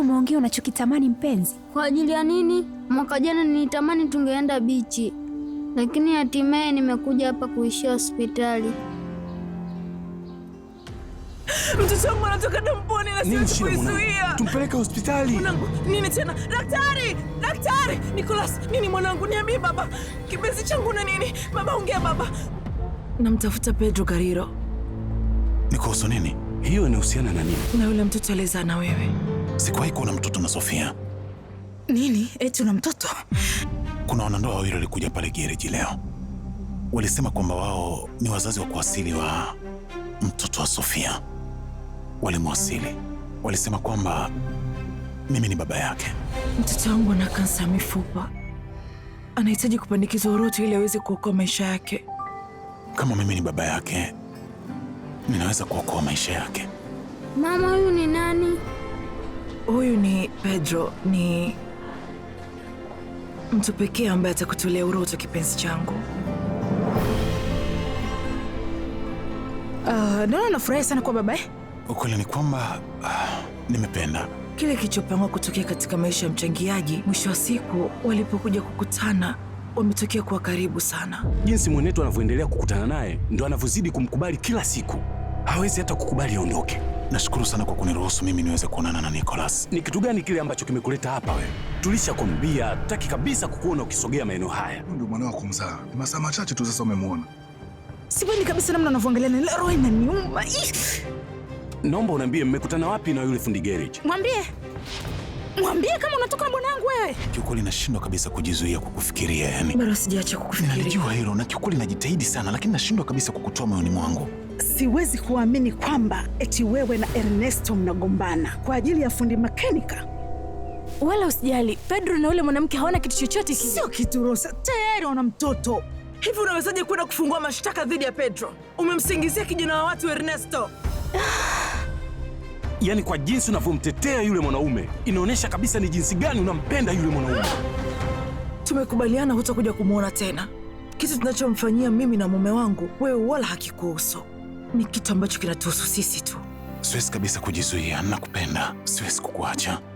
umeongea unachokitamani mpenzi? Kwa ajili ya nini? Mwaka jana nilitamani tungeenda bichi, lakini hatimaye nimekuja hapa kuishia hospitali. Mtoto wangu anatoka damponi na siwezi kuizuia. Tumpeleke hospitali. Mwanangu, nini tena? Daktari! Daktari! Nicholas, nini mwanangu? Niambie baba. Kibezi changu na nini? Baba ongea baba. Namtafuta Pedro Gariro. Nikuhusu nini? Hiyo inahusiana na nini? Na yule mtoto alizaa na wewe. Sikuwahi kuona mtoto na Sofia. Nini? Eti eh, una mtoto? Kuna wanandoa wawili walikuja pale gereji leo, walisema kwamba wao ni wazazi wa kuasili wa mtoto wa Sofia. Walimwasili, walisema kwamba mimi ni baba yake. Mtoto wangu ana kansa ya mifupa, anahitaji kupandikizwa uroti ili aweze kuokoa maisha yake. Kama mimi ni baba yake, ninaweza kuokoa maisha yake. Mama, huyu ni nani? Huyu ni Pedro, ni mtu pekee ambaye atakutolea uroto, kipenzi changu. Uh, naona nafurahi sana kwa baba eh? Ukweli ni kwamba uh, nimependa kile kilichopangwa kutokea katika maisha ya mchangiaji. Mwisho wa siku walipokuja kukutana wametokea kuwa karibu sana. Jinsi mwenetu anavyoendelea kukutana naye ndo anavyozidi kumkubali kila siku, hawezi hata kukubali aondoke. Nashukuru sana kwa kuniruhusu mimi niweze kuonana na Nicholas. Ni kitu gani kile ambacho kimekuleta hapa wewe? Tulishakwambia taki kabisa kukuona ukisogea maeneo haya. Ndio mwana wako mzaa, ni masaa machache tu sasa umemwona. Sipendi kabisa namna unavyoangaliana na roho inaniuma. Naomba uniambie mmekutana wapi na yule fundi garage? Mwambie Mwambie kama unatoka na bwanangu wewe. Kiukweli nashindwa kabisa kujizuia kukufikiria yani. Bado sijaacha kukufikiria. Najua hilo na kiukweli najitahidi sana lakini nashindwa kabisa kukutoa moyoni mwangu. Siwezi kuamini kwamba eti wewe na Ernesto mnagombana kwa ajili ya fundi mekanika. Wala usijali, Pedro na ule mwanamke hawana kitu chochote kile. Sio kitu Rosa, tayari wana mtoto. Hivi unawezaje kwenda kufungua mashtaka dhidi ya Pedro? Umemsingizia kijana wa watu Ernesto. Ah, Yaani kwa jinsi unavyomtetea yule mwanaume inaonyesha kabisa ni jinsi gani unampenda yule mwanaume. Tumekubaliana hutakuja kumwona tena. Kitu tunachomfanyia mimi na mume wangu wewe wala hakikuhusu, ni kitu ambacho kinatuhusu sisi tu. Siwezi kabisa kujizuia, nakupenda, siwezi kukuacha.